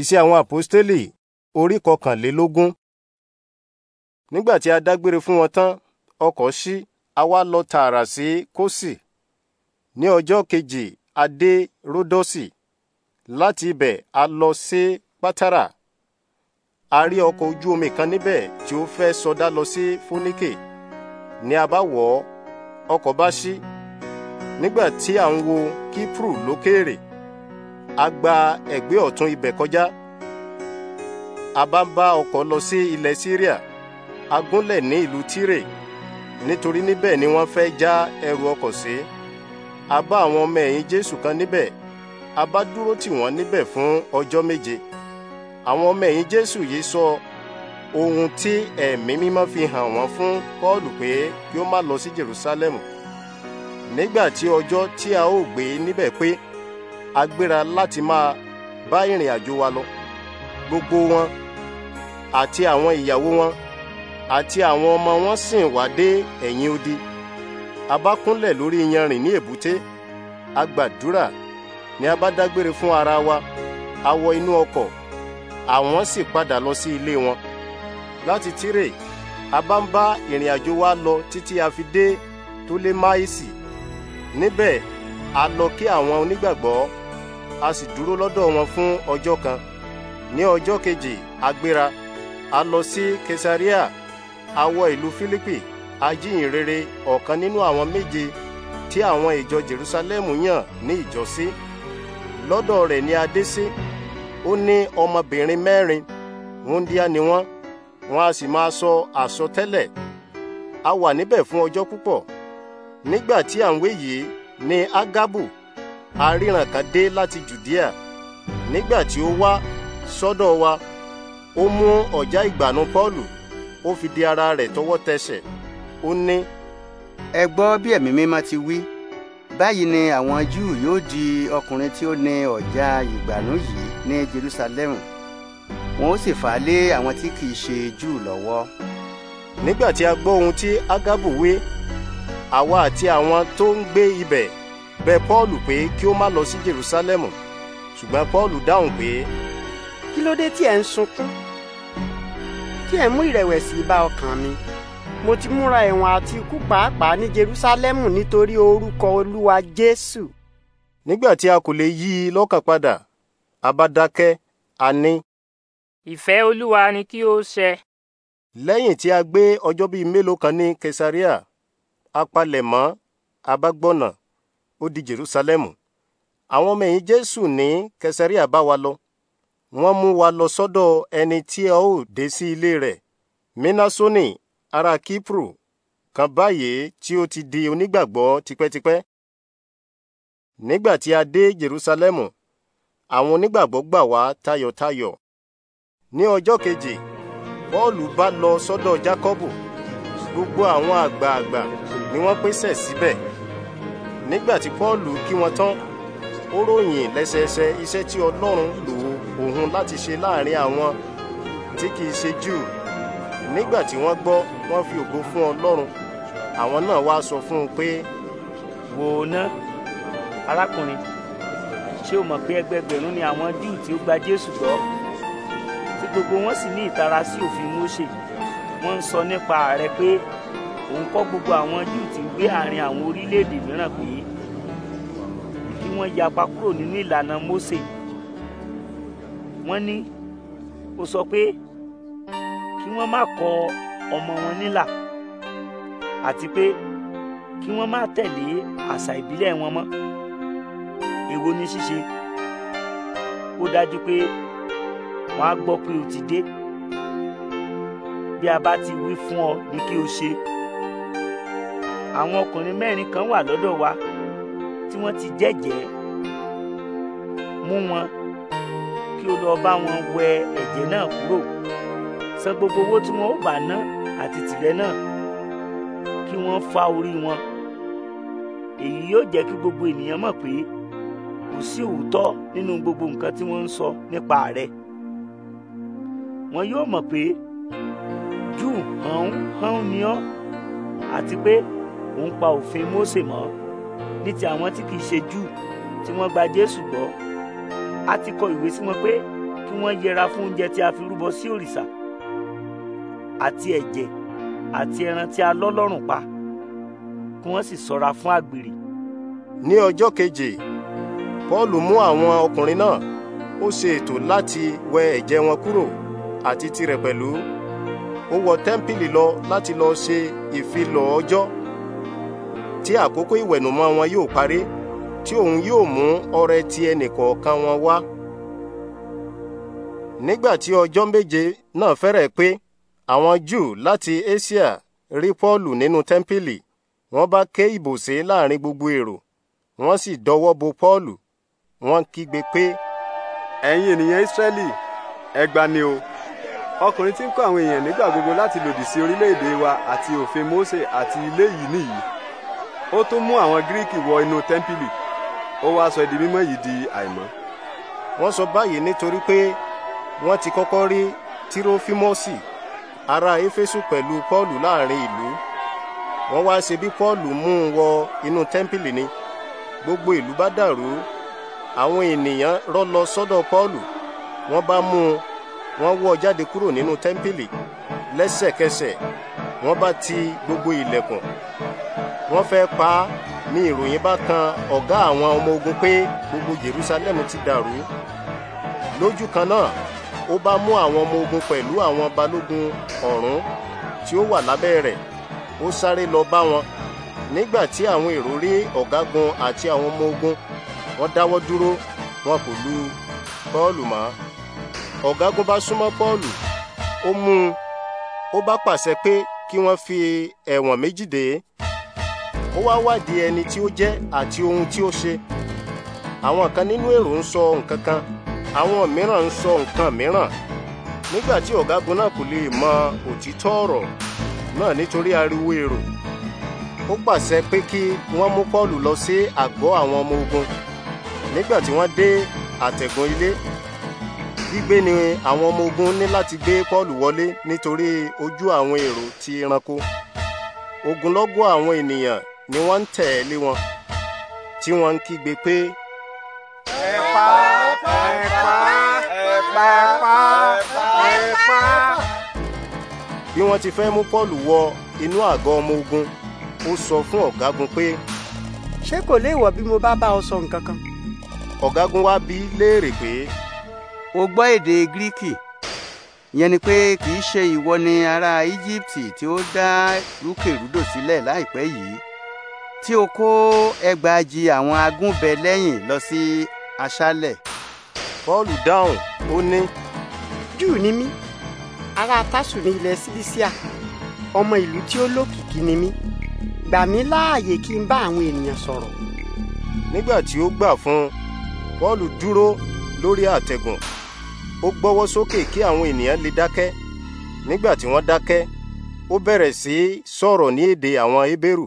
Iṣẹ́ àwọn àpọ́stélì orí kọkànlélógún. Nígbà tí a dágbére fún wọn tán, ọkọ̀ ṣí, a wá lọ tààrà sí Kósì. Ní ọjọ́ kejì, a dé Ródọ́sì. Láti ibẹ̀, a lọ sí Pátárà. A rí ọkọ̀ ojú omi kan níbẹ̀ tí ó fẹ́ sọdá lọ sí Fóníkè. Ní a ọkọ̀ bá ṣí. Nígbà tí à ń wo Kíprù lókèèrè a gba ẹ̀gbẹ́ ọ̀tún ibẹ̀ kọjá a bá ń bá ọkọ̀ lọ sí ilẹ̀ Síríà a gúnlẹ̀ ní ìlú Tírè nítorí níbẹ̀ ni wọ́n fẹ́ já ẹrù ọkọ̀ sí a bá àwọn ọmọ ẹ̀yìn Jésù kan níbẹ̀ a bá dúró tì wọ́n níbẹ̀ fún ọjọ́ méje àwọn ọmọ ẹ̀yìn Jésù yìí sọ ohun tí ẹ̀mí mímọ́ fi hàn wọ́n fún Pọ́ọ̀lù pé kí ó má lọ sí Jerúsálẹ́mù nígbà tí ọjọ́ tí a ó gbé níbẹ̀ pé. Agbera gbéra láti máa bá ìrìn àjò wa lọ gbogbo wọn àti àwọn ìyàwó wọn àti àwọn ọmọ wọn sìn wá dé ẹ̀yìn odi a bá kúnlẹ̀ lórí iyanrìn ní èbúté a gbàdúrà ni a bá dágbére fún ara wa a wọ inú ọkọ̀ àwọn sì padà lọ sí ilé wọn láti Tírè a bá ń bá ìrìn àjò wa lọ títí a fi dé Tólẹ́máìsì níbẹ̀ a lọ kí àwọn onígbàgbọ́ a sì dúró lọ́dọ̀ wọn fún ọjọ́ kan ní ọjọ́ kejì a gbéra a lọ sí Kesaria a wọ ìlú Fílípì a jíyìn rere ọ̀kan nínú àwọn méje tí àwọn ìjọ Jerúsálẹ́mù yàn ní ìjọsí lọ́dọ̀ rẹ̀ ni a dé sí ó ní ọmọbìnrin mẹ́rin wúńdíá ni wọ́n wọ́n a sì máa sọ àsọtẹ́lẹ̀ a wà níbẹ̀ fún ọjọ́ púpọ̀ nígbà tí à ń wé yìí ni agabu aríran kan dé láti Jùdíà nígbà tí ó wá sọ́dọ̀ wa ó mú ọ̀já ìgbànú Pọ́ọ̀lù ó fi di ara rẹ̀ tọwọ́ tẹsẹ̀ ó ní. ẹ gbọ́ bí ẹ̀mí mímọ́ ti wí báyìí ni àwọn Júù yóò di ọkùnrin tí ó ní ọ̀já ìgbànú yìí ní Jerusalem wọn ó sì fà á lé àwọn tí kì í ṣe Júù lọ́wọ́. nígbà tí a gbọ́ ohun tí Ágábù wí àwa àti àwọn tó ń gbé ibẹ̀ bẹ Pọ́ọ̀lù pé kí ó má lọ sí Jerúsálẹ́mù ṣùgbọ́n Pọ́ọ̀lù dáhùn pé. kí ló dé tí ẹ ń sunkún tí ẹ mú ìrẹ̀wẹ̀sì bá ọkàn mi mo ti múra ẹ̀wọ̀n àti ikú pàápàá ní Jerúsálẹ́mù nítorí orúkọ Olúwa Jésù. nígbà tí a kò lè yí i lọ́kàn padà a bá dákẹ́ a ní. ìfẹ́ Olúwa ni kí ó ṣẹ. lẹ́yìn tí a gbé ọjọ́ bíi mélòó kan ní Kesaria a palẹ̀ ó di jerusalemu àwọn ọmọ ẹ̀yìn jésù ní kẹsàríà bá wa lọ wọ́n mú wa lọ sọ́dọ̀ ẹni tí a ó dé sí ilé rẹ̀ minasoni ará kipru kan báyìí tí ó ti di onígbàgbọ́ tipẹ́tipẹ́ nígbà tí a dé jerusalemu àwọn onígbàgbọ́ gbà wá tayọ̀tayọ̀ ní ọjọ́ kejì pọ́ọ̀lù bá lọ sọ́dọ̀ jákọ́bù gbogbo àwọn àgbààgbà ni wọ́n pèsè síbẹ̀. Si nígbà tí Pọ́ọ̀lù kí wọn tán ó ròyìn lẹ́sẹẹsẹ iṣẹ́ tí Ọlọ́run lò òun láti ṣe láàrin àwọn tí kìí ṣe Júù nígbà tí wọ́n gbọ́ wọ́n fi ògo fún Ọlọ́run àwọn náà wá sọ fún un pé. wò ó ná arákùnrin ṣé o mọ̀ pé ẹgbẹẹgbẹ̀rún ni àwọn Júù tí ó gba Jésù gbọ́ tí gbogbo wọn sì ní ìtara sí òfin Mósè wọ́n ń sọ nípa rẹ̀ pé òun kọ́ gbogbo àwọn Júù tí ń gbé àárín àwọn orílẹ̀-èdè mìíràn pé kí wọ́n yapa kúrò nínú ìlànà Mósè wọ́n ní ó sọ pé kí wọ́n má kọ ọmọ wọn nílà àti pé kí wọ́n má tẹ̀lé àṣà ìbílẹ̀ wọn mọ́ èwo ni ṣíṣe ó dájú pé wọ́n á gbọ́ pé o ti dé bí a bá ti wí fún ọ ni kí o ṣe àwọn ọkùnrin mẹ́rin kan wà lọ́dọ̀ wa tí wọ́n ti jẹ́jẹ́ mú wọn kí o lọ bá wọn wẹ ẹ̀jẹ̀ náà kúrò san gbogbo owó tí wọn ó bá ná àti tìrẹ náà kí wọ́n fa orí wọn èyí yóò jẹ́ kí gbogbo ènìyàn mọ̀ pé kò sí òótọ́ nínú gbogbo nǹkan tí wọ́n ń sọ nípa rẹ̀ wọn yóò mọ̀ pé júù hàn hàn ni ọ́ àti pé òun pa òfin Mósè mọ́ ní ti àwọn tí kìí ṣe Júù tí wọ́n gba Jésù gbọ́ a ti kọ ìwé sí wọn pé kí wọ́n yẹra fún oúnjẹ tí a fi rúbọ sí òrìṣà àti ẹ̀jẹ̀ àti ẹran tí a lọ́ lọ́rùn pa kí wọ́n sì ṣọ́ra fún àgbèrè. ní ọjọ́ keje Pọ́ọ̀lù mú àwọn ọkùnrin náà ó ṣe ètò láti wẹ ẹ̀jẹ̀ wọn kúrò àti tirẹ̀ pẹ̀lú ó wọ tẹ́ḿpìlì lọ láti lọ ṣe ìfilọ̀ ọjọ́ tí àkókò ìwẹ̀nùmọ́ wọn yóò parí tí òun yóò mú ọrẹ ti ẹnìkọ̀ọ̀kan wọn wá. nígbà tí ọjọ́ méje náà fẹ́rẹ̀ pé àwọn Júù láti Asia rí Pọ́ọ̀lù nínú tẹ́ḿpìlì wọ́n bá ké ìbòsí láàrin gbogbo èrò wọ́n sì dọwọ́ bo Pọ́ọ̀lù wọ́n kígbe pé. ẹ̀yin ènìyàn Ísírẹ́lì ẹ gbani o ọkùnrin tí ń kọ́ àwọn èèyàn nígbà gbogbo láti lòdì sí orílẹ̀-èdè wa àti òfin Mósè àti ilé yìí nìyí ó tún mú àwọn gíríkì wọ inú tẹ́ḿpìlì ó wá sọ ìdí mímọ́ yìí di àìmọ́. wọ́n sọ báyìí nítorí pé wọ́n ti kọ́kọ́ rí tirofimosi ará éfésù pẹ̀lú pọ́ọ̀lù láàrin ìlú wọ́n wá ṣe bí pọ́ọ̀lù mú un wọ inú tẹ́ḿpìlì ni gbogbo ìlú bá dàrú àwọn ènìyàn rọ́ lọ sọ́dọ̀ pọ́ọ̀lù wọ́n bá mú un wọ́n wọ́ jáde kúrò nínú tẹ́ḿpìlì lẹ́sẹ̀kẹsẹ̀ wọ́n bá ti gbogbo ilẹ̀kùn wọ́n fẹ́ pa á ni ìròyìn bá kan ọ̀gá àwọn ọmọ ogun pé gbogbo Jerusalem ti dàrú lójú kan náà ó bá mú àwọn ọmọ ogun pẹ̀lú àwọn balógun ọ̀rún tí ó wà lábẹ́ rẹ̀ ó sáré lọ bá wọn nígbà tí àwọn èrò rí ọ̀gágun àti àwọn ọmọ ogun wọ́n dáwọ́ dúró wọn kò lu Pọ́ọ̀lù mọ́ ọ̀gágun bá súnmọ́ Pọ́ọ̀lù ó mú un ó bá pàṣẹ pé kí wọ́n fi ẹ̀wọ̀n méjì dè é ó wá wádìí ẹni tí ó jẹ́ àti ohun tí ó ṣe àwọn kan nínú èrò ń sọ nǹkan kan àwọn mìíràn ń sọ nǹkan mìíràn nígbà tí ọ̀gágun náà kò lè mọ òtítọ́ ọ̀rọ̀ náà nítorí ariwo èrò ó pàṣẹ pé kí wọ́n mú Pọ́ọ̀lù lọ sí àgọ́ àwọn ọmọ ogun nígbà tí wọ́n dé àtẹ̀gùn ilé gbígbé ni àwọn ọmọ ogun ní láti gbé Pọ́ọ̀lù wọlé nítorí ojú àwọn èrò ti ẹranko ogunlọ́gọ̀ àwọn ènìyàn ni wọ́n ń tẹ̀lé wọn tí wọ́n ń kígbe pé. ẹ pa ẹ pa ẹ pa ẹ pa ẹ pa. bí wọ́n ti fẹ́ mú Pọ́ọ̀lù wọ inú àgọ́ ọmọ ogun ó sọ fún ọ̀gágun pé. ṣé kò léèwọ̀ bí mo bá bá ọ sọ nǹkan kan. ọ̀gágun wá bi léèrè pé. o gbọ́ èdè gíríkì ìyẹn ni pé kì í ṣe ìwọ ni ará íjíbítì tí ó dá rúkèrúdò sílẹ̀ láìpẹ́ yìí tí o kó ẹgbàajì àwọn agúnbẹ lẹ́yìn lọ sí aṣálẹ̀. Pọ́ọ̀lù dáhùn ó ní. Júù ni mí, ará Tásù ní ilẹ̀ Sílísíà, ọmọ ìlú tí ó lókìkí ni mí. Gbà mí láàyè kí n bá àwọn ènìyàn sọ̀rọ̀. Nígbà tí ó gbà fún un, Pọ́ọ̀lù dúró lórí àtẹ̀gùn. Ó gbọ́wọ́ sókè kí àwọn ènìyàn lè dákẹ́. Nígbà tí wọ́n dákẹ́, ó bẹ̀rẹ̀ sí sọ̀rọ̀ ní èdè àwọn Hébérù.